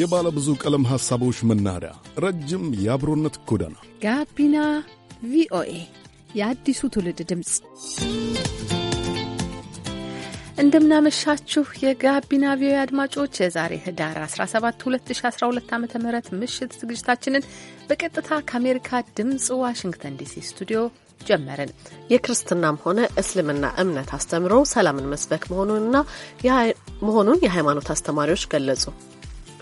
የባለ ብዙ ቀለም ሐሳቦች መናኸሪያ፣ ረጅም የአብሮነት ጎዳና ጋቢና ቪኦኤ የአዲሱ ትውልድ ድምፅ። እንደምናመሻችሁ የጋቢና ቪኦኤ አድማጮች፣ የዛሬ ህዳር 17 2012 ዓ ም ምሽት ዝግጅታችንን በቀጥታ ከአሜሪካ ድምፅ ዋሽንግተን ዲሲ ስቱዲዮ ጀመርን። የክርስትናም ሆነ እስልምና እምነት አስተምሮ ሰላምን መስበክ መሆኑንና መሆኑን የሃይማኖት አስተማሪዎች ገለጹ።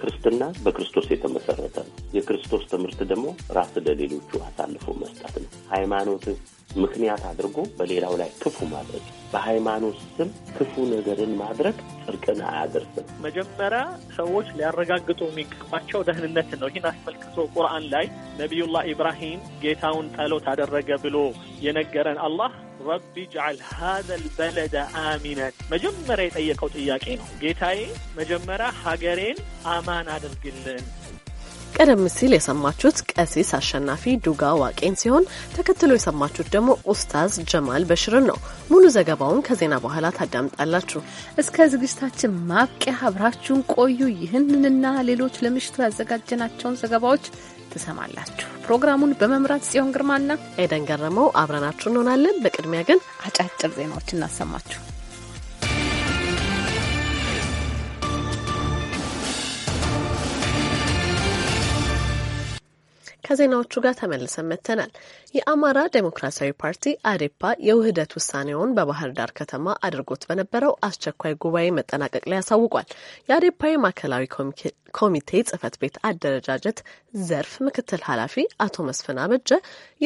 ክርስትና በክርስቶስ የተመሰረተ ነው። የክርስቶስ ትምህርት ደግሞ ራስ ለሌሎቹ አሳልፎ መስጠት ነው። ሃይማኖት ምክንያት አድርጎ በሌላው ላይ ክፉ ማድረግ፣ በሃይማኖት ስም ክፉ ነገርን ማድረግ ጽድቅን አያደርስም። መጀመሪያ ሰዎች ሊያረጋግጡ የሚገባቸው ደህንነት ነው። ይህን አስመልክቶ ቁርአን ላይ ነቢዩላህ ኢብራሂም ጌታውን ጸሎት አደረገ ብሎ የነገረን አላህ ረቢ ጅዓል ሀዘል በለደ አሚነን መጀመሪያ የጠየቀው ጥያቄ ነው። ጌታዬ መጀመሪያ ሀገሬን አማን አድርግልን ቀደም ሲል የሰማችሁት ቀሲስ አሸናፊ ዱጋ ዋቄን ሲሆን ተከትሎ የሰማችሁት ደግሞ ኡስታዝ ጀማል በሽርን ነው። ሙሉ ዘገባውን ከዜና በኋላ ታዳምጣላችሁ። እስከ ዝግጅታችን ማብቂያ አብራችሁን ቆዩ። ይህንንና ሌሎች ለምሽቱ ያዘጋጀናቸውን ዘገባዎች ትሰማላችሁ። ፕሮግራሙን በመምራት ጽዮን ግርማና ኤደን ገረመው አብረናችሁ እንሆናለን። በቅድሚያ ግን አጫጭር ዜናዎች እናሰማችሁ። ከዜናዎቹ ጋር ተመልሰን መጥተናል። የአማራ ዴሞክራሲያዊ ፓርቲ አዴፓ የውህደት ውሳኔውን በባህር ዳር ከተማ አድርጎት በነበረው አስቸኳይ ጉባኤ መጠናቀቅ ላይ ያሳውቋል። የአዴፓ የማዕከላዊ ኮሚቴ ጽህፈት ቤት አደረጃጀት ዘርፍ ምክትል ኃላፊ አቶ መስፍን አበጀ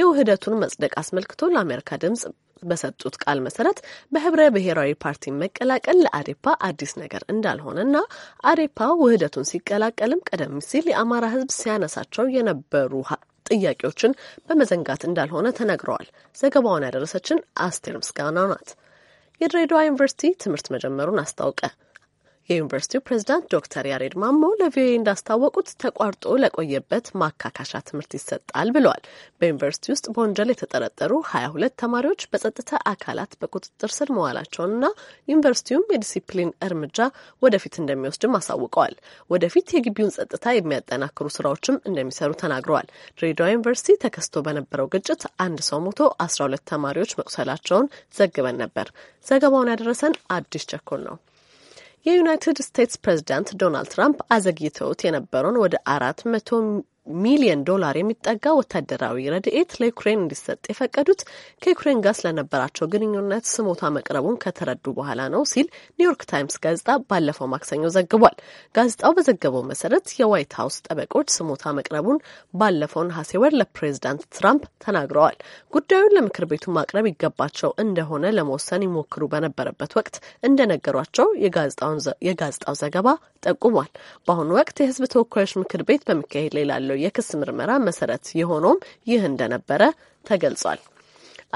የውህደቱን መጽደቅ አስመልክቶ ለአሜሪካ ድምጽ በሰጡት ቃል መሰረት በህብረ ብሔራዊ ፓርቲ መቀላቀል ለአዴፓ አዲስ ነገር እንዳልሆነና አዴፓ ውህደቱን ሲቀላቀልም ቀደም ሲል የአማራ ህዝብ ሲያነሳቸው የነበሩ ጥያቄዎችን በመዘንጋት እንዳልሆነ ተነግረዋል። ዘገባውን ያደረሰችን አስቴር ምስጋና ናት። የድሬዳዋ ዩኒቨርሲቲ ትምህርት መጀመሩን አስታውቀ የዩኒቨርሲቲው ፕሬዝዳንት ዶክተር ያሬድ ማሞ ለቪኦኤ እንዳስታወቁት ተቋርጦ ለቆየበት ማካካሻ ትምህርት ይሰጣል ብለዋል። በዩኒቨርሲቲ ውስጥ በወንጀል የተጠረጠሩ ሀያ ሁለት ተማሪዎች በጸጥታ አካላት በቁጥጥር ስር መዋላቸውንና ዩኒቨርሲቲውም የዲሲፕሊን እርምጃ ወደፊት እንደሚወስድም አሳውቀዋል። ወደፊት የግቢውን ጸጥታ የሚያጠናክሩ ስራዎችም እንደሚሰሩ ተናግረዋል። ድሬዳዋ ዩኒቨርሲቲ ተከስቶ በነበረው ግጭት አንድ ሰው ሞቶ አስራ ሁለት ተማሪዎች መቁሰላቸውን ዘግበን ነበር። ዘገባውን ያደረሰን አዲስ ቸኮል ነው። የዩናይትድ ስቴትስ ፕሬዚዳንት ዶናልድ ትራምፕ አዘግይተውት የነበረውን ወደ አራት መቶ ሚሊየን ዶላር የሚጠጋ ወታደራዊ ረድኤት ለዩክሬን እንዲሰጥ የፈቀዱት ከዩክሬን ጋር ስለነበራቸው ግንኙነት ስሞታ መቅረቡን ከተረዱ በኋላ ነው ሲል ኒውዮርክ ታይምስ ጋዜጣ ባለፈው ማክሰኞ ዘግቧል። ጋዜጣው በዘገበው መሰረት የዋይት ሀውስ ጠበቆች ስሞታ መቅረቡን ባለፈው ነሐሴ ወር ለፕሬዚዳንት ትራምፕ ተናግረዋል። ጉዳዩን ለምክር ቤቱ ማቅረብ ይገባቸው እንደሆነ ለመወሰን ይሞክሩ በነበረበት ወቅት እንደነገሯቸው የጋዜጣው ዘገባ ጠቁሟል። በአሁኑ ወቅት የህዝብ ተወካዮች ምክር ቤት በሚካሄድ ላይ ላለው ባለው የክስ ምርመራ መሰረት የሆነውም ይህ እንደነበረ ተገልጿል።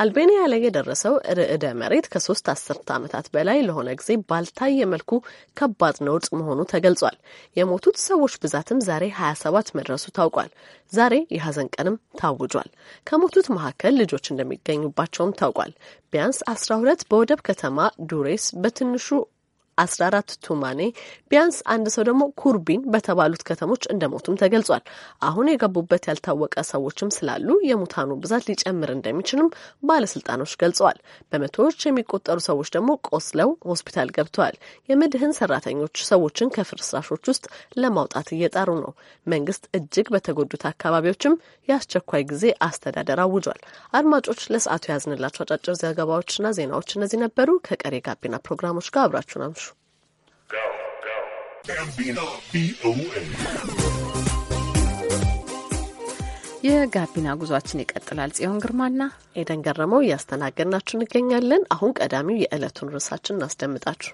አልቤኒያ ላይ የደረሰው ርዕደ መሬት ከሶስት አስርተ ዓመታት በላይ ለሆነ ጊዜ ባልታየ መልኩ ከባድ ነውጥ መሆኑ ተገልጿል። የሞቱት ሰዎች ብዛትም ዛሬ 27 መድረሱ ታውቋል። ዛሬ የሐዘን ቀንም ታውጇል። ከሞቱት መካከል ልጆች እንደሚገኙባቸውም ታውቋል። ቢያንስ 12 በወደብ ከተማ ዱሬስ በትንሹ 14 ቱማኔ፣ ቢያንስ አንድ ሰው ደግሞ ኩርቢን በተባሉት ከተሞች እንደሞቱም ተገልጿል። አሁን የገቡበት ያልታወቀ ሰዎችም ስላሉ የሙታኑ ብዛት ሊጨምር እንደሚችልም ባለስልጣኖች ገልጸዋል። በመቶዎች የሚቆጠሩ ሰዎች ደግሞ ቆስለው ሆስፒታል ገብተዋል። የመድህን ሰራተኞች ሰዎችን ከፍርስራሾች ውስጥ ለማውጣት እየጣሩ ነው። መንግስት እጅግ በተጎዱት አካባቢዎችም የአስቸኳይ ጊዜ አስተዳደር አውጇል። አድማጮች ለሰዓቱ የያዝንላቸው አጫጭር ዘገባዎችና ዜናዎች እነዚህ ነበሩ። ከቀሬ ጋቢና ፕሮግራሞች ጋር አብራችሁን አምሹ። የጋቢና ጉዟችን ይቀጥላል። ጽዮን ግርማና ኤደን ገረመው እያስተናገድናችሁ እንገኛለን። አሁን ቀዳሚው የዕለቱን ርዕሳችን እናስደምጣችሁ።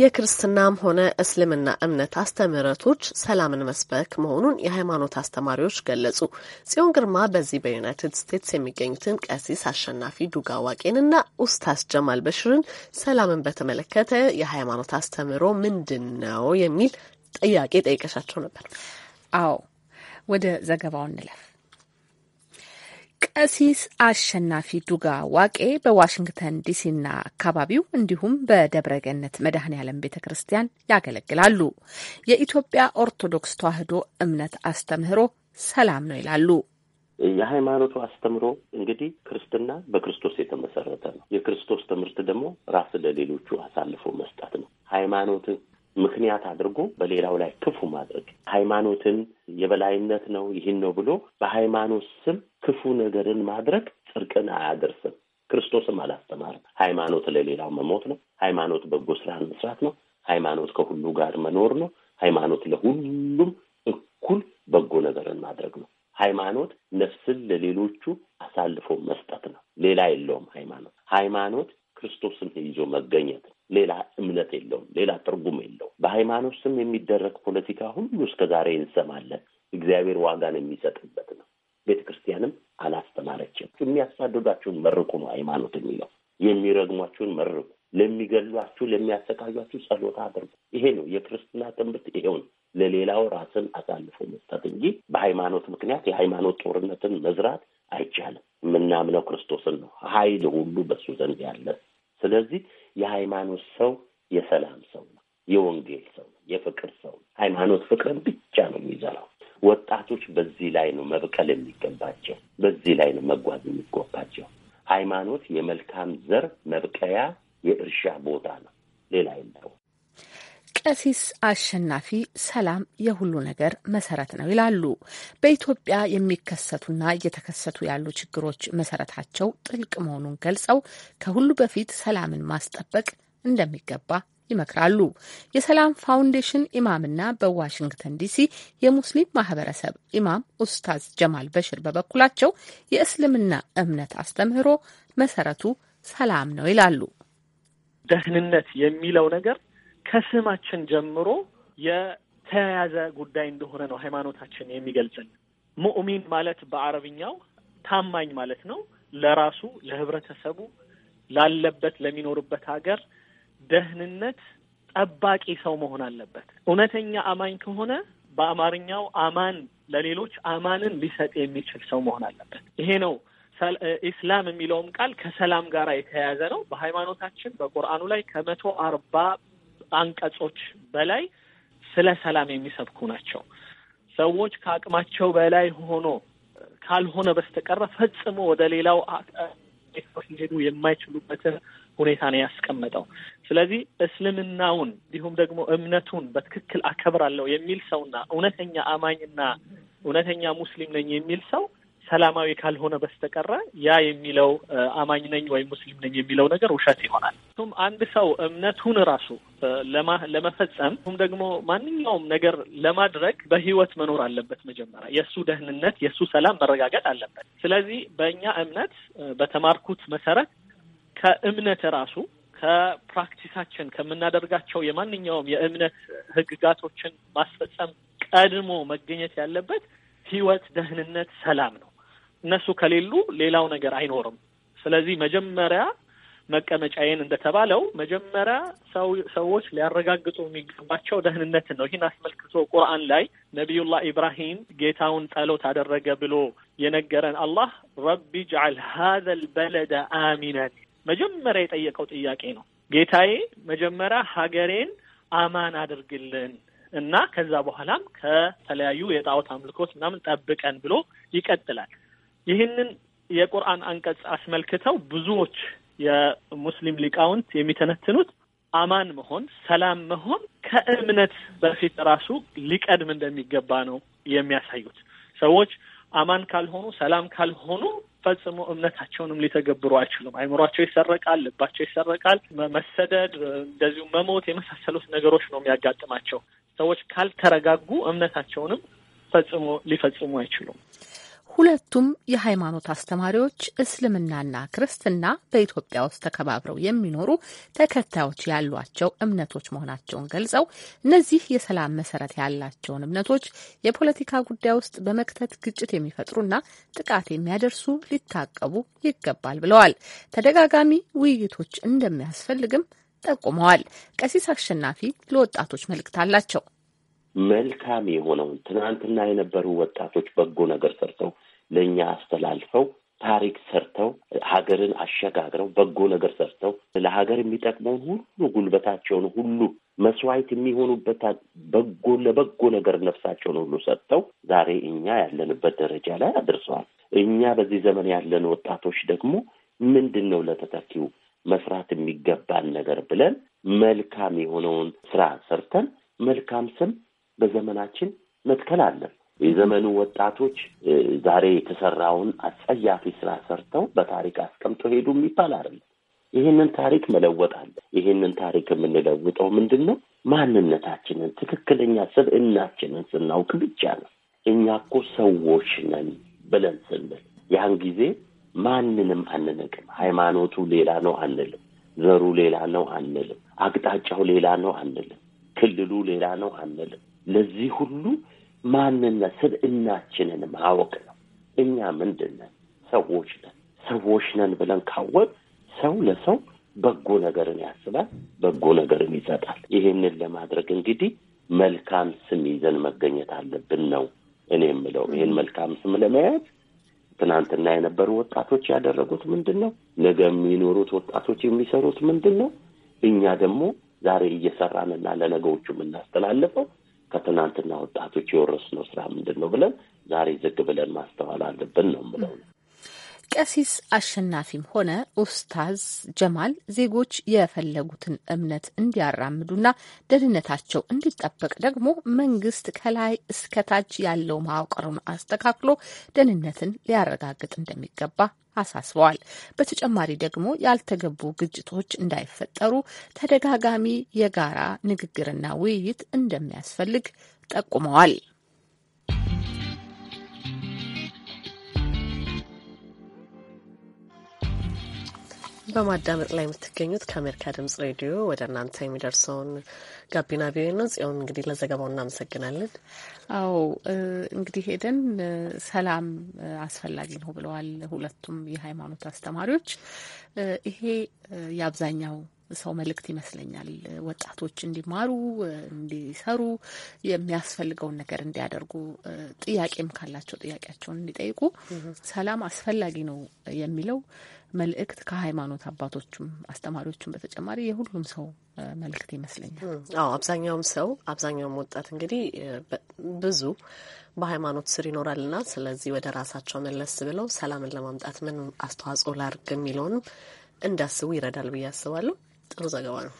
የክርስትናም ሆነ እስልምና እምነት አስተምህረቶች ሰላምን መስበክ መሆኑን የሃይማኖት አስተማሪዎች ገለጹ። ጽዮን ግርማ በዚህ በዩናይትድ ስቴትስ የሚገኙትን ቀሲስ አሸናፊ ዱጋ ዋቄንና ኡስታዝ ጀማል በሽርን ሰላምን በተመለከተ የሃይማኖት አስተምህሮ ምንድን ነው የሚል ጥያቄ ጠይቀሻቸው ነበር። አዎ፣ ወደ ዘገባው እንለፍ። ቀሲስ አሸናፊ ዱጋ ዋቄ በዋሽንግተን ዲሲና አካባቢው እንዲሁም በደብረገነት መድኃኔ ዓለም ቤተ ክርስቲያን ያገለግላሉ። የኢትዮጵያ ኦርቶዶክስ ተዋሕዶ እምነት አስተምህሮ ሰላም ነው ይላሉ። የሃይማኖቱ አስተምሮ እንግዲህ ክርስትና በክርስቶስ የተመሰረተ ነው። የክርስቶስ ትምህርት ደግሞ ራስ ለሌሎቹ አሳልፎ መስጠት ነው። ሃይማኖትን ምክንያት አድርጎ በሌላው ላይ ክፉ ማድረግ ሃይማኖትን የበላይነት ነው ይህን ነው ብሎ በሃይማኖት ስም ክፉ ነገርን ማድረግ ጽድቅን አያደርስም። ክርስቶስም አላስተማርም። ሃይማኖት ለሌላው መሞት ነው። ሃይማኖት በጎ ስራን መስራት ነው። ሃይማኖት ከሁሉ ጋር መኖር ነው። ሃይማኖት ለሁሉም እኩል በጎ ነገርን ማድረግ ነው። ሃይማኖት ነፍስን ለሌሎቹ አሳልፎ መስጠት ነው። ሌላ የለውም። ሃይማኖት ሃይማኖት በሃይማኖት ስም የሚደረግ ፖለቲካ ሁሉ እስከ ዛሬ እንሰማለን። እግዚአብሔር ዋጋን የሚሰጥበት ነው። ቤተ ክርስቲያንም አላስተማረችም። የሚያሳድዷችሁን መርቁ ነው ሃይማኖት የሚለው። የሚረግሟችሁን መርቁ፣ ለሚገሏችሁ፣ ለሚያሰቃዩችሁ ጸሎታ አድርጉ። ይሄ ነው የክርስትና ትምህርት። ይሄው ነው ለሌላው ራስን አሳልፎ መስጠት እንጂ በሃይማኖት ምክንያት የሃይማኖት ጦርነትን መዝራት አይቻልም። የምናምነው ክርስቶስን ነው። ኃይል ሁሉ በሱ ዘንድ ያለ። ስለዚህ የሃይማኖት ሰው የሰላም ሰው ነው። የወንጌል ሃይማኖት ፍቅርን ብቻ ነው የሚዘራው። ወጣቶች በዚህ ላይ ነው መብቀል የሚገባቸው፣ በዚህ ላይ ነው መጓዝ የሚገባቸው። ሃይማኖት የመልካም ዘር መብቀያ የእርሻ ቦታ ነው፣ ሌላ የለውም። ቀሲስ አሸናፊ ሰላም የሁሉ ነገር መሰረት ነው ይላሉ። በኢትዮጵያ የሚከሰቱና እየተከሰቱ ያሉ ችግሮች መሰረታቸው ጥልቅ መሆኑን ገልጸው ከሁሉ በፊት ሰላምን ማስጠበቅ እንደሚገባ ይመክራሉ። የሰላም ፋውንዴሽን ኢማምና በዋሽንግተን ዲሲ የሙስሊም ማህበረሰብ ኢማም ኡስታዝ ጀማል በሽር በበኩላቸው የእስልምና እምነት አስተምህሮ መሰረቱ ሰላም ነው ይላሉ። ደህንነት የሚለው ነገር ከስማችን ጀምሮ የተያያዘ ጉዳይ እንደሆነ ነው ሃይማኖታችን የሚገልጽን ሙእሚን ማለት በአረብኛው ታማኝ ማለት ነው። ለራሱ ለህብረተሰቡ ላለበት ለሚኖርበት ሀገር ደህንነት ጠባቂ ሰው መሆን አለበት። እውነተኛ አማኝ ከሆነ በአማርኛው አማን ለሌሎች አማንን ሊሰጥ የሚችል ሰው መሆን አለበት። ይሄ ነው ኢስላም የሚለውም ቃል ከሰላም ጋር የተያያዘ ነው። በሃይማኖታችን በቁርአኑ ላይ ከመቶ አርባ አንቀጾች በላይ ስለ ሰላም የሚሰብኩ ናቸው። ሰዎች ከአቅማቸው በላይ ሆኖ ካልሆነ በስተቀረ ፈጽሞ ወደ ሌላው ሊሄዱ የማይችሉበትን ሁኔታ ነው ያስቀመጠው። ስለዚህ እስልምናውን እንዲሁም ደግሞ እምነቱን በትክክል አከብራለሁ የሚል ሰውና እውነተኛ አማኝና እውነተኛ ሙስሊም ነኝ የሚል ሰው ሰላማዊ ካልሆነ በስተቀረ ያ የሚለው አማኝ ነኝ ወይም ሙስሊም ነኝ የሚለው ነገር ውሸት ይሆናል። ቱም አንድ ሰው እምነቱን ራሱ ለመፈጸም ቱም ደግሞ ማንኛውም ነገር ለማድረግ በህይወት መኖር አለበት። መጀመሪያ የእሱ ደህንነት የእሱ ሰላም መረጋገጥ አለበት። ስለዚህ በእኛ እምነት በተማርኩት መሰረት ከእምነት ራሱ ከፕራክቲሳችን ከምናደርጋቸው የማንኛውም የእምነት ህግጋቶችን ማስፈጸም ቀድሞ መገኘት ያለበት ህይወት፣ ደህንነት፣ ሰላም ነው። እነሱ ከሌሉ ሌላው ነገር አይኖርም። ስለዚህ መጀመሪያ መቀመጫዬን እንደተባለው መጀመሪያ ሰዎች ሊያረጋግጡ የሚገባቸው ደህንነትን ነው። ይህን አስመልክቶ ቁርአን ላይ ነቢዩላህ ኢብራሂም ጌታውን ጸሎት አደረገ ብሎ የነገረን አላህ ረቢ ጅዓል ሀዘል በለደ አሚነን መጀመሪያ የጠየቀው ጥያቄ ነው። ጌታዬ መጀመሪያ ሀገሬን አማን አድርግልን እና ከዛ በኋላም ከተለያዩ የጣዖት አምልኮት ምናምን ጠብቀን ብሎ ይቀጥላል። ይህንን የቁርአን አንቀጽ አስመልክተው ብዙዎች የሙስሊም ሊቃውንት የሚተነትኑት አማን መሆን ሰላም መሆን ከእምነት በፊት ራሱ ሊቀድም እንደሚገባ ነው የሚያሳዩት። ሰዎች አማን ካልሆኑ ሰላም ካልሆኑ ፈጽሞ እምነታቸውንም ሊተገብሩ አይችሉም። አይምሯቸው ይሰረቃል፣ ልባቸው ይሰረቃል። መሰደድ፣ እንደዚሁ መሞት የመሳሰሉት ነገሮች ነው የሚያጋጥማቸው። ሰዎች ካልተረጋጉ እምነታቸውንም ፈጽሞ ሊፈጽሙ አይችሉም። ሁለቱም የሃይማኖት አስተማሪዎች እስልምናና ክርስትና በኢትዮጵያ ውስጥ ተከባብረው የሚኖሩ ተከታዮች ያሏቸው እምነቶች መሆናቸውን ገልጸው እነዚህ የሰላም መሰረት ያላቸውን እምነቶች የፖለቲካ ጉዳይ ውስጥ በመክተት ግጭት የሚፈጥሩና ጥቃት የሚያደርሱ ሊታቀቡ ይገባል ብለዋል። ተደጋጋሚ ውይይቶች እንደሚያስፈልግም ጠቁመዋል። ቀሲስ አሸናፊ ለወጣቶች መልእክት አላቸው። መልካም የሆነውን ትናንትና የነበሩ ወጣቶች በጎ ነገር ሰርተው ለእኛ አስተላልፈው ታሪክ ሰርተው ሀገርን አሸጋግረው በጎ ነገር ሰርተው ለሀገር የሚጠቅመውን ሁሉ ጉልበታቸውን ሁሉ መስዋዕት የሚሆኑበት በጎ ለበጎ ነገር ነፍሳቸውን ሁሉ ሰጥተው ዛሬ እኛ ያለንበት ደረጃ ላይ አድርሰዋል። እኛ በዚህ ዘመን ያለን ወጣቶች ደግሞ ምንድን ነው ለተተኪው መስራት የሚገባን ነገር ብለን መልካም የሆነውን ስራ ሰርተን መልካም ስም በዘመናችን መትከል አለን። የዘመኑ ወጣቶች ዛሬ የተሰራውን አጸያፊ ስራ ሰርተው በታሪክ አስቀምጦ ሄዱ የሚባል አይደለም። ይህንን ታሪክ መለወጥ አለ። ይህንን ታሪክ የምንለውጠው ምንድን ነው? ማንነታችንን፣ ትክክለኛ ስብዕናችንን ስናውቅ ብቻ ነው። እኛ እኮ ሰዎች ነን ብለን ስንል ያን ጊዜ ማንንም አንነቅም። ሃይማኖቱ ሌላ ነው አንልም። ዘሩ ሌላ ነው አንልም። አቅጣጫው ሌላ ነው አንልም። ክልሉ ሌላ ነው አንልም። ለዚህ ሁሉ ማንነት እናችንን ማወቅ ነው። እኛ ምንድን ነን? ሰዎች ነን። ሰዎች ነን ብለን ካወቅ ሰው ለሰው በጎ ነገርን ያስባል፣ በጎ ነገርን ይሰጣል። ይሄንን ለማድረግ እንግዲህ መልካም ስም ይዘን መገኘት አለብን ነው እኔ የምለው። ይህን መልካም ስም ለመያዝ ትናንትና የነበሩ ወጣቶች ያደረጉት ምንድን ነው? ነገ የሚኖሩት ወጣቶች የሚሰሩት ምንድን ነው? እኛ ደግሞ ዛሬ እየሰራንና ለነገዎቹ የምናስተላልፈው ከትናንትና ወጣቶች የወረስነው ስራ ምንድን ነው ብለን ዛሬ ዝግ ብለን ማስተዋል አለብን ነው ምለው። ቀሲስ አሸናፊም ሆነ ኡስታዝ ጀማል ዜጎች የፈለጉትን እምነት እንዲያራምዱና ደህንነታቸው እንዲጠበቅ ደግሞ መንግስት ከላይ እስከታች ያለው መዋቅሩን አስተካክሎ ደህንነትን ሊያረጋግጥ እንደሚገባ አሳስበዋል። በተጨማሪ ደግሞ ያልተገቡ ግጭቶች እንዳይፈጠሩ ተደጋጋሚ የጋራ ንግግርና ውይይት እንደሚያስፈልግ ጠቁመዋል። በማዳመጥ ላይ የምትገኙት ከአሜሪካ ድምጽ ሬዲዮ ወደ እናንተ የሚደርሰውን ጋቢና ቢ ነው። ጽዮን እንግዲህ ለዘገባው እናመሰግናለን። አዎ እንግዲህ ሄደን ሰላም አስፈላጊ ነው ብለዋል ሁለቱም የሃይማኖት አስተማሪዎች። ይሄ የአብዛኛው ሰው መልእክት ይመስለኛል። ወጣቶች እንዲማሩ፣ እንዲሰሩ፣ የሚያስፈልገውን ነገር እንዲያደርጉ፣ ጥያቄም ካላቸው ጥያቄያቸውን እንዲጠይቁ ሰላም አስፈላጊ ነው የሚለው መልእክት ከሃይማኖት አባቶችም አስተማሪዎችም በተጨማሪ የሁሉም ሰው መልእክት ይመስለኛል። አዎ አብዛኛውም ሰው አብዛኛውም ወጣት እንግዲህ ብዙ በሃይማኖት ስር ይኖራልና ስለዚህ ወደ ራሳቸው መለስ ብለው ሰላምን ለማምጣት ምን አስተዋጽኦ ላርግ የሚለውንም እንዳስቡ ይረዳል ብዬ አስባለሁ። ጥሩ ዘገባ ነው።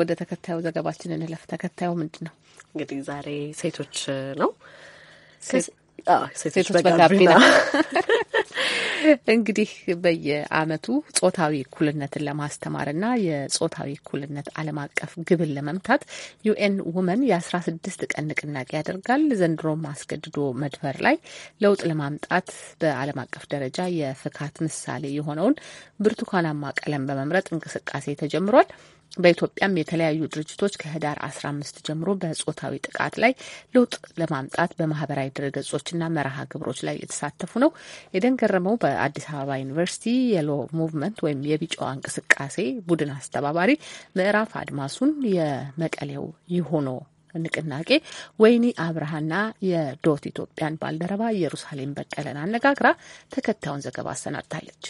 ወደ ተከታዩ ዘገባችን እንለፍ። ተከታዩ ምንድን ነው? እንግዲህ ዛሬ ሴቶች ነው። ሴቶች በጋቢና እንግዲህ በየአመቱ ጾታዊ እኩልነትን ለማስተማርና የጾታዊ እኩልነት ዓለም አቀፍ ግብን ለመምታት ዩኤን ውመን የአስራ ስድስት ቀን ንቅናቄ ያደርጋል። ዘንድሮም አስገድዶ መድፈር ላይ ለውጥ ለማምጣት በዓለም አቀፍ ደረጃ የፍካት ምሳሌ የሆነውን ብርቱካናማ ቀለም በመምረጥ እንቅስቃሴ ተጀምሯል። በኢትዮጵያም የተለያዩ ድርጅቶች ከህዳር 15 ጀምሮ በጾታዊ ጥቃት ላይ ለውጥ ለማምጣት በማህበራዊ ድረገጾችና መርሃ ግብሮች ላይ የተሳተፉ ነው። የደንገረመው በአዲስ አበባ ዩኒቨርሲቲ የሎ ሙቭመንት ወይም የቢጫዋ እንቅስቃሴ ቡድን አስተባባሪ፣ ምዕራፍ አድማሱን የመቀሌው ይሆኖ ንቅናቄ ወይኒ አብርሃና የዶት ኢትዮጵያን ባልደረባ ኢየሩሳሌም በቀለን አነጋግራ ተከታዩን ዘገባ አሰናድታለች።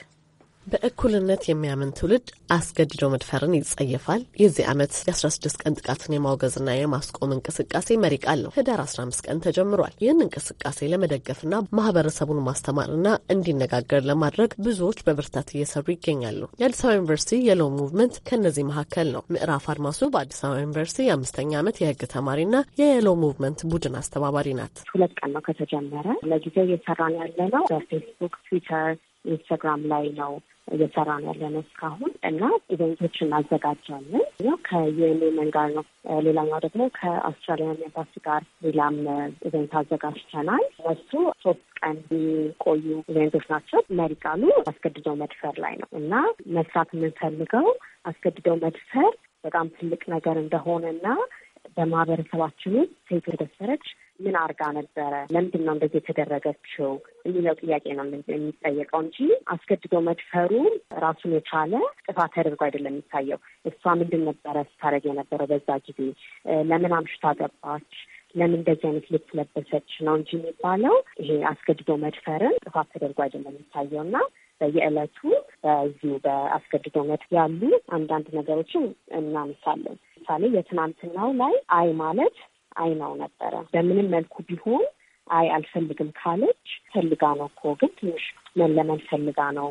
በእኩልነት የሚያምን ትውልድ አስገድዶ መድፈርን ይጸየፋል። የዚህ ዓመት የ16 ቀን ጥቃትን የማውገዝና የማስቆም እንቅስቃሴ መሪ ቃል ነው። ህዳር 15 ቀን ተጀምሯል። ይህን እንቅስቃሴ ለመደገፍና ማህበረሰቡን ማስተማርና እንዲነጋገር ለማድረግ ብዙዎች በብርታት እየሰሩ ይገኛሉ። የአዲስ አበባ ዩኒቨርሲቲ የሎው ሙቭመንት ከእነዚህ መካከል ነው። ምዕራፍ አድማሱ በአዲስ አበባ ዩኒቨርሲቲ የአምስተኛ ዓመት የህግ ተማሪና የየሎው ሙቭመንት ቡድን አስተባባሪ ናት። ሁለት ቀን ነው ከተጀመረ። ለጊዜው እየሰራን ያለ ነው። በፌስቡክ፣ ትዊተር፣ ኢንስታግራም ላይ ነው እየሰራ ነው ያለ ነው እስካሁን እና ኢቨንቶች እናዘጋጃለን። ያው ከዩኤንኤም ጋር ነው። ሌላኛው ደግሞ ከአውስትራሊያን ኤምባሲ ጋር ሌላም ኢቨንት አዘጋጅተናል። እነሱ ሶስት ቀን የሚቆዩ ኢቨንቶች ናቸው። መሪ ቃሉ አስገድደው መድፈር ላይ ነው እና መስራት የምንፈልገው አስገድደው መድፈር በጣም ትልቅ ነገር እንደሆነ እና በማህበረሰባችን ውስጥ ሴት ወደ ምን አርጋ ነበረ? ለምንድን ነው እንደዚህ የተደረገችው? የሚለው ጥያቄ ነው የሚጠየቀው እንጂ አስገድዶ መድፈሩ ራሱን የቻለ ጥፋት ተደርጎ አይደለም የሚታየው። እሷ ምንድን ነበረ ስታደርግ የነበረው በዛ ጊዜ? ለምን አምሽታ ገባች? ለምን እንደዚህ አይነት ልብስ ለበሰች ነው እንጂ የሚባለው ይሄ አስገድዶ መድፈርን ጥፋት ተደርጎ አይደለም የሚታየው እና በየዕለቱ በዚሁ በአስገድዶ መድፍ ያሉ አንዳንድ ነገሮችን እናነሳለን። ለምሳሌ የትናንትናው ላይ አይ ማለት አይናው ነበረ። በምንም መልኩ ቢሆን አይ አልፈልግም ካለች ፈልጋ ነው እኮ ግን ትንሽ መለመን ፈልጋ ነው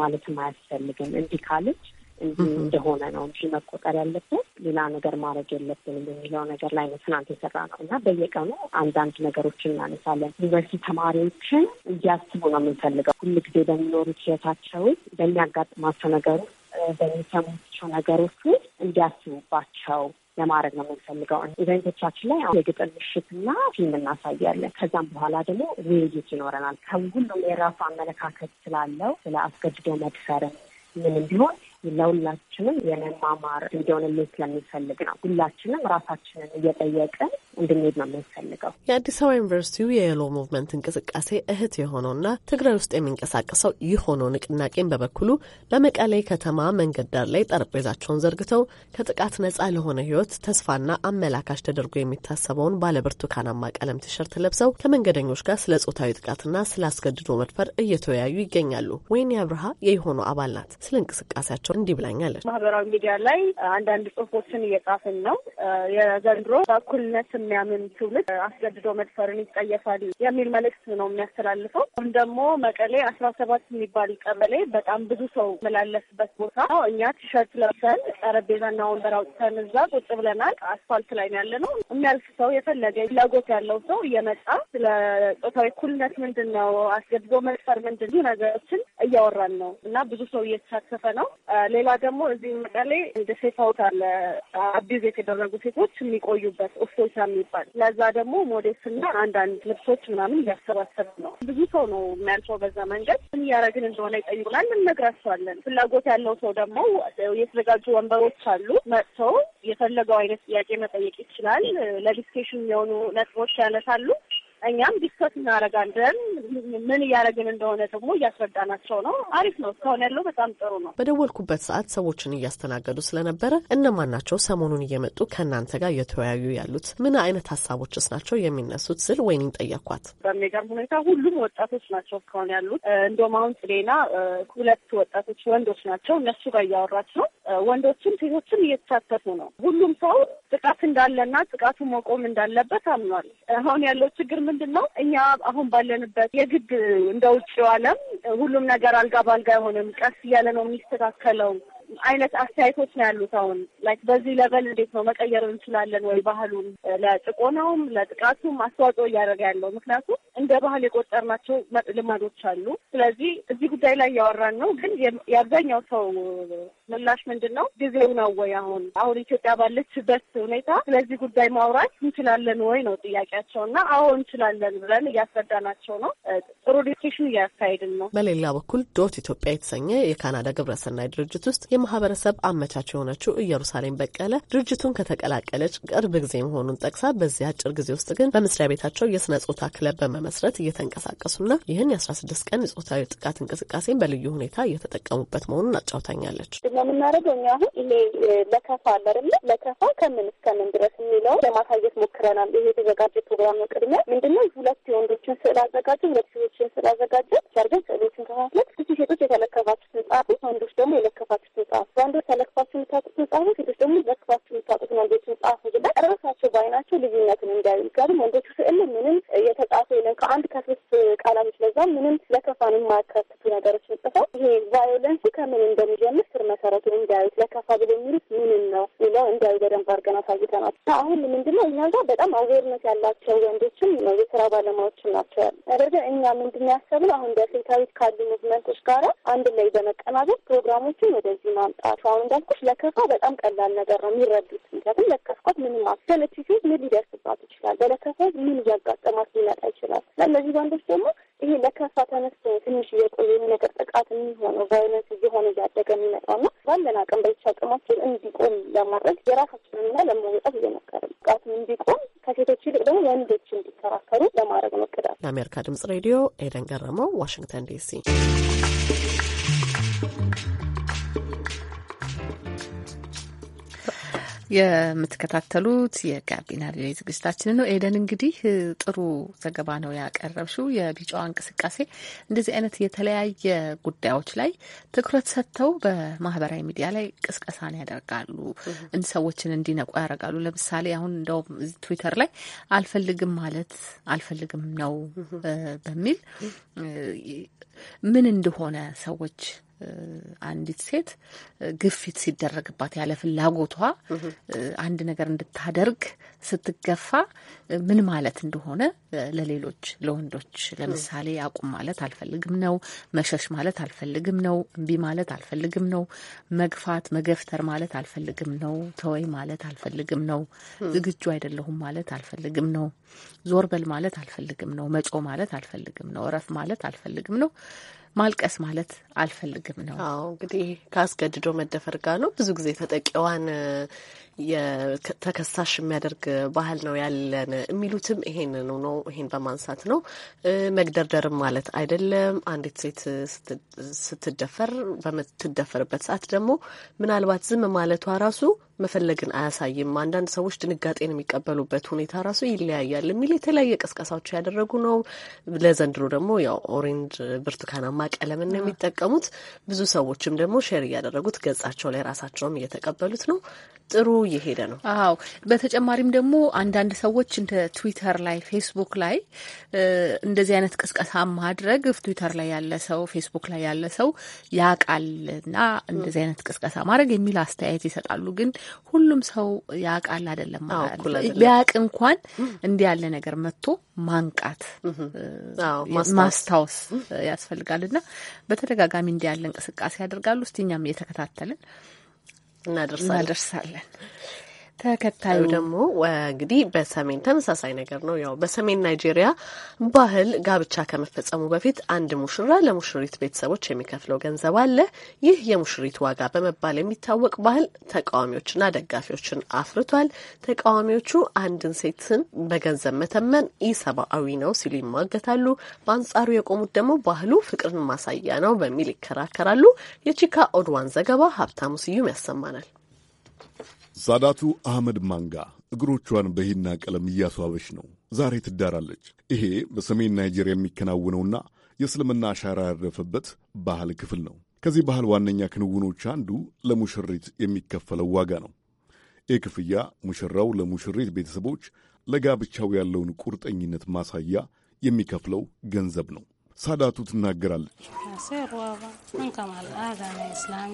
ማለትም አያስፈልግም። እንዲህ ካለች እንዲህ እንደሆነ ነው እንጂ መቆጠር ያለብን ሌላ ነገር ማድረግ የለብንም የሚለው ነገር ላይ ነው ትናንት የሰራ ነው እና በየቀኑ አንዳንድ ነገሮችን እናነሳለን። ዩኒቨርሲቲ ተማሪዎችን እንዲያስቡ ነው የምንፈልገው። ሁሉ ጊዜ በሚኖሩት ህይወታቸው በሚያጋጥማቸው ነገሮች፣ በሚሰሙቸው ነገሮች ውስጥ እንዲያስቡባቸው ለማድረግ ነው የምንፈልገው። ኢቨንቶቻችን ላይ አሁን የግጥም ምሽትና ፊልም እናሳያለን። ከዛም በኋላ ደግሞ ውይይት ይኖረናል። ከሁሉም የራሱ አመለካከት ስላለው ስለ አስገድዶ መድፈርም ምንም ቢሆን ለሁላችንም የመማማር እንዲሆን ስለሚፈልግ ነው። ሁላችንም ራሳችንን እየጠየቅን እንድንሄድ ነው የምንፈልገው። የአዲስ አበባ ዩኒቨርሲቲው የየሎ ሙቭመንት እንቅስቃሴ እህት የሆነውና ትግራይ ውስጥ የሚንቀሳቀሰው ይህ ንቅናቄን በበኩሉ በመቀሌ ከተማ መንገድ ዳር ላይ ጠረጴዛቸውን ዘርግተው ከጥቃት ነጻ ለሆነ ህይወት ተስፋና አመላካሽ ተደርጎ የሚታሰበውን ባለብርቱካናማ ቀለም ቲሸርት ለብሰው ከመንገደኞች ጋር ስለ ጾታዊ ጥቃትና ስለ አስገድዶ መድፈር እየተወያዩ ይገኛሉ። ወይኒ አብርሃ የይሆኑ አባል ናት። ስለ እንቅስቃሴያቸው እንዲህ ብላኛለች። ማህበራዊ ሚዲያ ላይ አንዳንድ ጽሁፎችን እየጻፍን ነው። የዘንድሮ በእኩልነት የሚያምን ትውልድ አስገድዶ መድፈርን ይጠየፋል የሚል መልእክት ነው የሚያስተላልፈው። አሁን ደግሞ መቀሌ አስራ ሰባት የሚባል ቀበሌ በጣም ብዙ ሰው መላለስበት ቦታ እኛ ቲሸርት ለብሰን ጠረጴዛና ወንበር አውጥተን እዛ ቁጭ ብለናል። አስፋልት ላይ ያለ ነው። የሚያልፍ ሰው የፈለገ ፍላጎት ያለው ሰው እየመጣ ስለ ጾታዊ እኩልነት ምንድን ነው አስገድዶ መድፈር ምንድን ነገሮችን እያወራን ነው እና ብዙ ሰው እየተሳተፈ ነው። ሌላ ደግሞ እዚህ መቀሌ እንደ ሴፋውት አለ አቢዝ የተደረጉ ሴቶች የሚቆዩበት እፎይታ የሚባል ለዛ ደግሞ ሞዴስ ሞዴስና አንዳንድ ልብሶች ምናምን እያሰባሰብ ነው። ብዙ ሰው ነው የሚያልፈው በዛ መንገድ። ምን እያደረግን እንደሆነ ይጠይቁናል፣ እንነግራቸዋለን። ፍላጎት ያለው ሰው ደግሞ የተዘጋጁ ወንበሮች አሉ። መጥተው የፈለገው አይነት ጥያቄ መጠየቅ ይችላል። ለዲስኬሽን የሚሆኑ ነጥቦች ያነሳሉ። እኛም ዲስከስ እናደርጋለን። ምን እያደረግን እንደሆነ ደግሞ እያስረዳናቸው ነው። አሪፍ ነው። እስካሁን ያለው በጣም ጥሩ ነው። በደወልኩበት ሰዓት ሰዎችን እያስተናገዱ ስለነበረ እነማን ናቸው ሰሞኑን እየመጡ ከእናንተ ጋር እየተወያዩ ያሉት? ምን አይነት ሀሳቦችስ ናቸው የሚነሱት ስል ወይኒን ጠየኳት። በሚገርም ሁኔታ ሁሉም ወጣቶች ናቸው እስካሁን ያሉት። እንደውም አሁን ሌና ሁለት ወጣቶች ወንዶች ናቸው። እነሱ ጋር እያወራች ነው። ወንዶችም ሴቶችም እየተሳተፉ ነው። ሁሉም ሰው ጥቃት እንዳለና ጥቃቱ መቆም እንዳለበት አምኗል። አሁን ያለው ችግር ምንድን ነው እኛ አሁን ባለንበት የግድ እንደ ውጭው ዓለም ሁሉም ነገር አልጋ ባልጋ አይሆንም፣ ቀስ እያለ ነው የሚስተካከለው አይነት አስተያየቶች ነው ያሉት። አሁን ላይክ በዚህ ለበል እንዴት ነው መቀየር እንችላለን ወይ ባህሉን ለጭቆናውም ለጥቃቱም አስተዋጽኦ እያደረገ ያለው ምክንያቱም እንደ ባህል የቆጠርናቸው ልማዶች አሉ። ስለዚህ እዚህ ጉዳይ ላይ እያወራን ነው፣ ግን የአብዛኛው ሰው ምላሽ ምንድን ነው? ጊዜው ነው ወይ አሁን አሁን ኢትዮጵያ ባለችበት ሁኔታ ስለዚህ ጉዳይ ማውራት እንችላለን ወይ ነው ጥያቄያቸው እና አሁን እንችላለን ብለን እያስረዳናቸው ነው። ጥሩ ዲስሽን እያካሄድን ነው። በሌላ በኩል ዶት ኢትዮጵያ የተሰኘ የካናዳ ግብረሰናይ ድርጅት ውስጥ የማህበረሰብ አመቻች የሆነችው ኢየሩሳሌም በቀለ ድርጅቱን ከተቀላቀለች ቅርብ ጊዜ መሆኑን ጠቅሳ በዚህ አጭር ጊዜ ውስጥ ግን በመስሪያ ቤታቸው የስነ ጾታ ክለብ በመመስረት እየተንቀሳቀሱና ይህን የአስራ ስድስት ቀን የጾታዊ ጥቃት እንቅስቃሴን በልዩ ሁኔታ እየተጠቀሙበት መሆኑን አጫውታኛለች። የምናደርገው እኛ አሁን ይሄ ለከፋ አለ አይደለ? ለከፋ ከምን እስከምን ድረስ የሚለውን ለማሳየት ሞክረናል። ይሄ የተዘጋጀ ፕሮግራም ነው። ቅድሚያ ምንድነው ሁለት የወንዶችን ስዕል አዘጋጀ፣ ሁለት ሴቶችን ስዕል አዘጋጀ። ሲያርገን ስዕሎችን ከፋፍለት ስቲ ሴቶች የተለከፋችሁትን ጻፉ፣ ወንዶች ደግሞ የለከፋችሁትን ጻፉ። ወንዶች ተለክፋችሁ የምታጡትን ጻፉ፣ ሴቶች ደግሞ ለክፋችሁ የምታጡትን ወንዶችን ጻፉ ብለን ራሳቸው በአይናቸው ልዩነትን እንዳዩ። ይጋሉ። ወንዶቹ ስዕል ምንም የተጻፈ የለም ከአንድ ከሶስት ቃላቶች ለዛ ምንም ለከፋን የማያካትቱ ነገሮች ጽፈው ይሄ ቫዮለንስ ከምን እንደሚጀምር ስር መሰረቱ እንዳዩት ለከፋ ብሎ የሚሉት ምንን ነው ብለው እንዳዩ በደንብ አድርገን አሳይተናል። አሁን ምንድነው እኛ ጋር በጣም አዌርነት ያላቸው ወንዶችም የስራ ባለሙያዎችም ናቸው ያሉ። ነገር ግን እኛ ምንድን ያሰብነው አሁን በሴታዊት ካሉ ሙቭመንቶች ጋር አንድ ላይ በመቀናበር ፕሮግራሞችን ወደዚህ ማምጣቱ አሁን እንዳልኩሽ ለከፋ በጣም ቀላል ነገር ነው የሚረዱት። ምክንያቱም ለከፍኳት ምንም አስገለች ሴት ምን ሊደርስባት ይችላል? በለከፋ ምን እያጋጠማት ሊመጣ ይችላል? ለእነዚህ ወንዶች ደግሞ ይሄ ለከፋ ተነስቶ ትንሽ እየቆየ ነገር ጥቃት የሚሆነው ቫይለንስ እየሆነ እያ የሚመጣው እና ባለን አቅም በተቻለ አቅማችን እንዲቆም ለማድረግ የራሳችንን ሚና ለመወጣት እየሞከርን ጥቃቱ እንዲቆም ከሴቶች ይልቅ ደግሞ ወንዶች እንዲከራከሩ ለማድረግ ነው እቅዳችን። ለአሜሪካ ድምጽ ሬዲዮ ኤደን ገረመው፣ ዋሽንግተን ዲሲ የምትከታተሉት የጋቢና ቪኦኤ ዝግጅታችንን ነው። ኤደን እንግዲህ ጥሩ ዘገባ ነው ያቀረብሽው። የቢጫዋ እንቅስቃሴ እንደዚህ አይነት የተለያየ ጉዳዮች ላይ ትኩረት ሰጥተው በማህበራዊ ሚዲያ ላይ ቅስቀሳን ያደርጋሉ፣ ሰዎችን እንዲነቁ ያደርጋሉ። ለምሳሌ አሁን እንደውም ትዊተር ላይ አልፈልግም ማለት አልፈልግም ነው በሚል ምን እንደሆነ ሰዎች አንዲት ሴት ግፊት ሲደረግባት ያለ ፍላጎቷ አንድ ነገር እንድታደርግ ስትገፋ ምን ማለት እንደሆነ ለሌሎች ለወንዶች ለምሳሌ አቁም ማለት አልፈልግም ነው፣ መሸሽ ማለት አልፈልግም ነው፣ እምቢ ማለት አልፈልግም ነው፣ መግፋት መገፍተር ማለት አልፈልግም ነው፣ ተወይ ማለት አልፈልግም ነው፣ ዝግጁ አይደለሁም ማለት አልፈልግም ነው፣ ዞር በል ማለት አልፈልግም ነው፣ መጮ ማለት አልፈልግም ነው፣ እረፍ ማለት አልፈልግም ነው ማልቀስ ማለት አልፈልግም ነው። አዎ እንግዲህ ከአስገድዶ መደፈር ጋር ነው ብዙ ጊዜ ተጠቂዋን ተከሳሽ የሚያደርግ ባህል ነው ያለን የሚሉትም ይሄን ነው። ይሄን በማንሳት ነው መግደርደርም ማለት አይደለም። አንዲት ሴት ስትደፈር በምትደፈርበት ሰዓት ደግሞ ምናልባት ዝም ማለቷ ራሱ መፈለግን አያሳይም። አንዳንድ ሰዎች ድንጋጤን የሚቀበሉበት ሁኔታ ራሱ ይለያያል የሚል የተለያየ ቀስቀሳዎች ያደረጉ ነው። ለዘንድሮ ደግሞ ያው ኦሬንጅ ብርቱካናማ ቀለምን ነው የሚጠቀሙት። ብዙ ሰዎችም ደግሞ ሼር እያደረጉት ገጻቸው ላይ ራሳቸውም እየተቀበሉት ነው። ጥሩ እየሄደ ነው። አዎ በተጨማሪም ደግሞ አንዳንድ ሰዎች እንደ ትዊተር ላይ፣ ፌስቡክ ላይ እንደዚህ አይነት ቅስቀሳ ማድረግ ትዊተር ላይ ያለ ሰው ፌስቡክ ላይ ያለ ሰው ያቃልና እንደዚህ አይነት ቅስቀሳ ማድረግ የሚል አስተያየት ይሰጣሉ። ግን ሁሉም ሰው ያቃል አይደለም። ቢያቅ እንኳን እንዲህ ያለ ነገር መጥቶ ማንቃት ማስታወስ ያስፈልጋልና በተደጋጋሚ እንዲህ ያለ እንቅስቃሴ ያደርጋሉ። እስቲ እኛም እየተከታተልን እናደርሳለን እናደርሳለን። ተከታዩ ደግሞ እንግዲህ በሰሜን ተመሳሳይ ነገር ነው። ያው በሰሜን ናይጄሪያ ባህል ጋብቻ ከመፈጸሙ በፊት አንድ ሙሽራ ለሙሽሪት ቤተሰቦች የሚከፍለው ገንዘብ አለ። ይህ የሙሽሪት ዋጋ በመባል የሚታወቅ ባህል ተቃዋሚዎችና ደጋፊዎችን አፍርቷል። ተቃዋሚዎቹ አንድን ሴትን በገንዘብ መተመን ኢሰብአዊ ነው ሲሉ ይሟገታሉ። በአንጻሩ የቆሙት ደግሞ ባህሉ ፍቅርን ማሳያ ነው በሚል ይከራከራሉ። የቺካ ኦድዋን ዘገባ ሀብታሙ ስዩም ያሰማናል። ሳዳቱ አህመድ ማንጋ እግሮቿን በሂና ቀለም እያስዋበች ነው። ዛሬ ትዳራለች። ይሄ በሰሜን ናይጄሪያ የሚከናወነውና የእስልምና አሻራ ያረፈበት ባህል ክፍል ነው። ከዚህ ባህል ዋነኛ ክንውኖች አንዱ ለሙሽሪት የሚከፈለው ዋጋ ነው። ይህ ክፍያ ሙሽራው ለሙሽሪት ቤተሰቦች ለጋብቻው ያለውን ቁርጠኝነት ማሳያ የሚከፍለው ገንዘብ ነው። ሳዳቱ ትናገራለች።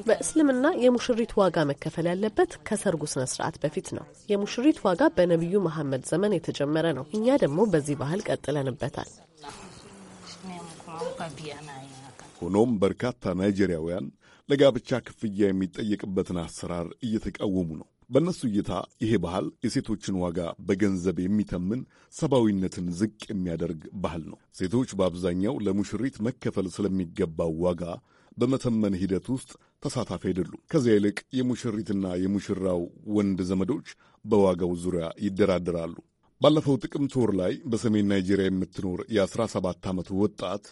በእስልምና የሙሽሪት ዋጋ መከፈል ያለበት ከሰርጉ ስነ ስርዓት በፊት ነው። የሙሽሪት ዋጋ በነቢዩ መሐመድ ዘመን የተጀመረ ነው። እኛ ደግሞ በዚህ ባህል ቀጥለንበታል። ሆኖም በርካታ ናይጄሪያውያን ለጋብቻ ክፍያ የሚጠየቅበትን አሰራር እየተቃወሙ ነው። በእነሱ እይታ ይሄ ባህል የሴቶችን ዋጋ በገንዘብ የሚተምን ሰብአዊነትን ዝቅ የሚያደርግ ባህል ነው። ሴቶች በአብዛኛው ለሙሽሪት መከፈል ስለሚገባው ዋጋ በመተመን ሂደት ውስጥ ተሳታፊ አይደሉም። ከዚያ ይልቅ የሙሽሪትና የሙሽራው ወንድ ዘመዶች በዋጋው ዙሪያ ይደራደራሉ። ባለፈው ጥቅምት ወር ላይ በሰሜን ናይጄሪያ የምትኖር የ17 ዓመት ወጣት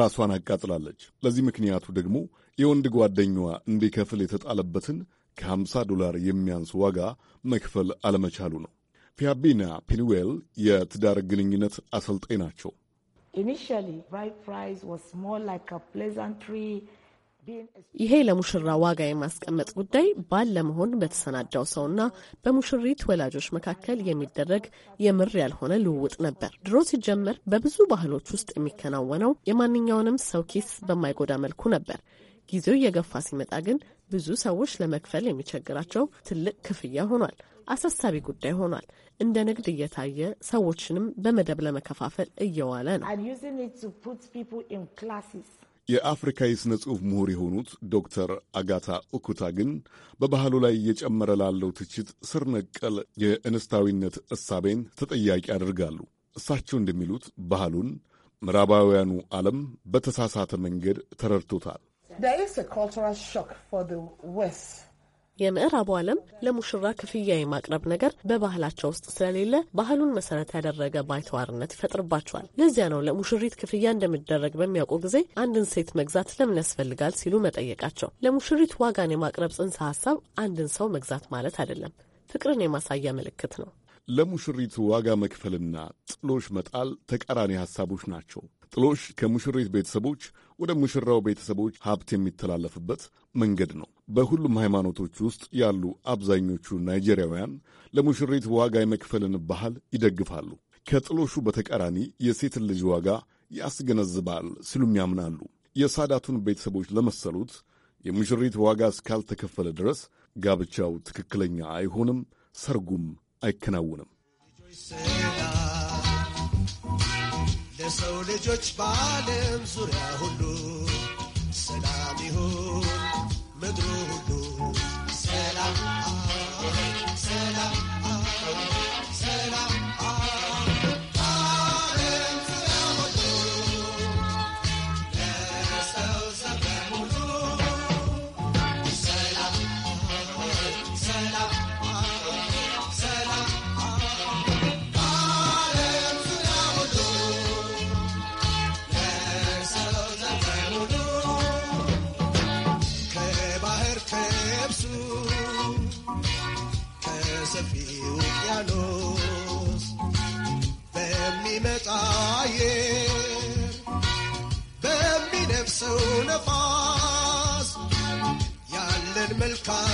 ራሷን አቃጥላለች። ለዚህ ምክንያቱ ደግሞ የወንድ ጓደኛዋ እንዲከፍል የተጣለበትን ከ50 ዶላር የሚያንስ ዋጋ መክፈል አለመቻሉ ነው። ፊያቢና ፒንዌል የትዳር ግንኙነት አሰልጣኝ ናቸው። ይሄ ለሙሽራ ዋጋ የማስቀመጥ ጉዳይ ባል ለመሆን በተሰናዳው ሰውና በሙሽሪት ወላጆች መካከል የሚደረግ የምር ያልሆነ ልውውጥ ነበር። ድሮ ሲጀመር በብዙ ባህሎች ውስጥ የሚከናወነው የማንኛውንም ሰው ኪስ በማይጎዳ መልኩ ነበር። ጊዜው እየገፋ ሲመጣ ግን ብዙ ሰዎች ለመክፈል የሚቸግራቸው ትልቅ ክፍያ ሆኗል። አሳሳቢ ጉዳይ ሆኗል። እንደ ንግድ እየታየ ሰዎችንም በመደብ ለመከፋፈል እየዋለ ነው። የአፍሪካ የሥነ ጽሑፍ ምሁር የሆኑት ዶክተር አጋታ ኡኩታ ግን በባህሉ ላይ እየጨመረ ላለው ትችት ስር ነቀል የእንስታዊነት እሳቤን ተጠያቂ አድርጋሉ። እሳቸው እንደሚሉት ባህሉን ምዕራባውያኑ ዓለም በተሳሳተ መንገድ ተረድቶታል። የምዕራቡ ዓለም ለሙሽራ ክፍያ የማቅረብ ነገር በባህላቸው ውስጥ ስለሌለ ባህሉን መሰረት ያደረገ ባይተዋርነት ይፈጥርባቸዋል። ለዚያ ነው ለሙሽሪት ክፍያ እንደሚደረግ በሚያውቁ ጊዜ አንድን ሴት መግዛት ለምን ያስፈልጋል ሲሉ መጠየቃቸው። ለሙሽሪት ዋጋን የማቅረብ ጽንሰ ሀሳብ አንድን ሰው መግዛት ማለት አይደለም፣ ፍቅርን የማሳያ ምልክት ነው። ለሙሽሪት ዋጋ መክፈልና ጥሎሽ መጣል ተቃራኒ ሀሳቦች ናቸው። ጥሎሽ ከሙሽሪት ቤተሰቦች ወደ ሙሽራው ቤተሰቦች ሀብት የሚተላለፍበት መንገድ ነው። በሁሉም ሃይማኖቶች ውስጥ ያሉ አብዛኞቹ ናይጄሪያውያን ለሙሽሪት ዋጋ የመክፈልን ባህል ይደግፋሉ። ከጥሎሹ በተቃራኒ የሴትን ልጅ ዋጋ ያስገነዝባል ሲሉም ያምናሉ። የሳዳቱን ቤተሰቦች ለመሰሉት የሙሽሪት ዋጋ እስካልተከፈለ ድረስ ጋብቻው ትክክለኛ አይሆንም፣ ሰርጉም አይከናውንም። ለሰው ልጆች በዓለም ዙሪያ ሁሉ ሰላም ይሁን ምድሩ ሁሉ ሰላም ሰው ነፋስ ያለን መልካም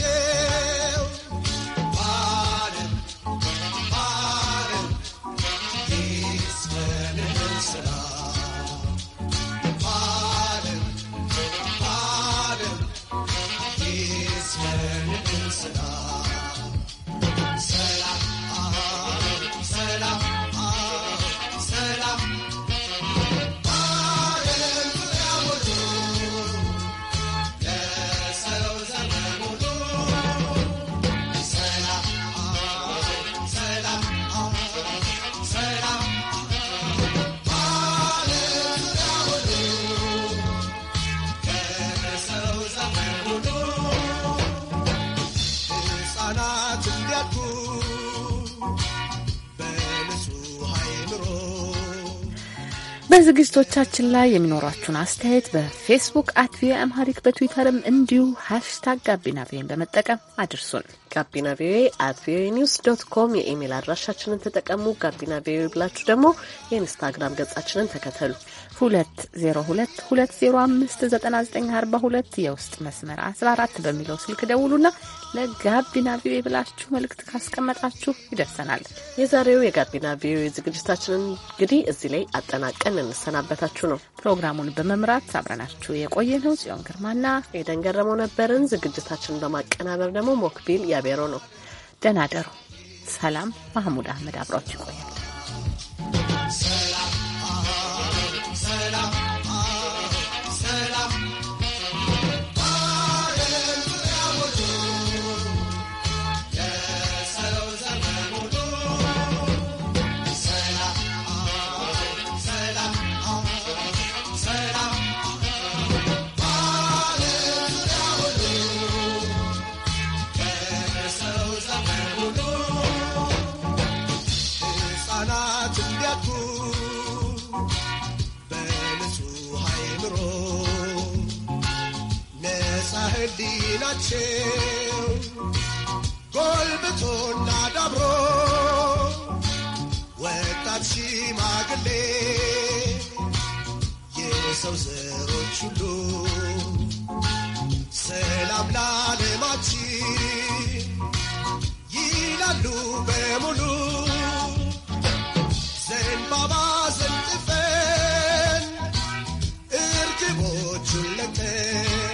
noche. በዝግጅቶቻችን ላይ የሚኖራችሁን አስተያየት በፌስቡክ አት ቪኦኤ አምሃሪክ በትዊተርም እንዲሁ ሀሽታግ ጋቢና ቪኦኤን በመጠቀም አድርሱን። ጋቢና ቪኦኤ አት ቪኦኤ ኒውስ ዶት ኮም የኢሜይል አድራሻችንን ተጠቀሙ። ጋቢና ቪኦኤ ብላችሁ ደግሞ የኢንስታግራም ገጻችንን ተከተሉ። 2022059942 የውስጥ መስመር 14 በሚለው ስልክ ደውሉና ለጋቢና ቪኦኤ ብላችሁ መልእክት ካስቀመጣችሁ ይደርሰናል። የዛሬው የጋቢና ቪኦኤ ዝግጅታችንን እንግዲህ እዚህ ላይ አጠናቀን እንሰናበታችሁ ነው። ፕሮግራሙን በመምራት አብረናችሁ የቆየ ነው ጽዮን ግርማና ኤደን ገረመው ነበርን። ዝግጅታችንን በማቀናበር ደግሞ ሞክቢል ያ። ከበሮ ነው። ደህና ደሩ። ሰላም። ማህሙድ አህመድ አብሯችሁ ይቆያል። ሰላም ሰላም እድላቸው ጎልብቶና ዳብሮ ወጣት ሽማግሌ የሰው ዘሮች ሁሉ ሰላም ላለማችን ይላሉ በሙሉ ዘንባባ ዘንጥፈን እርግቦቹን ለቀን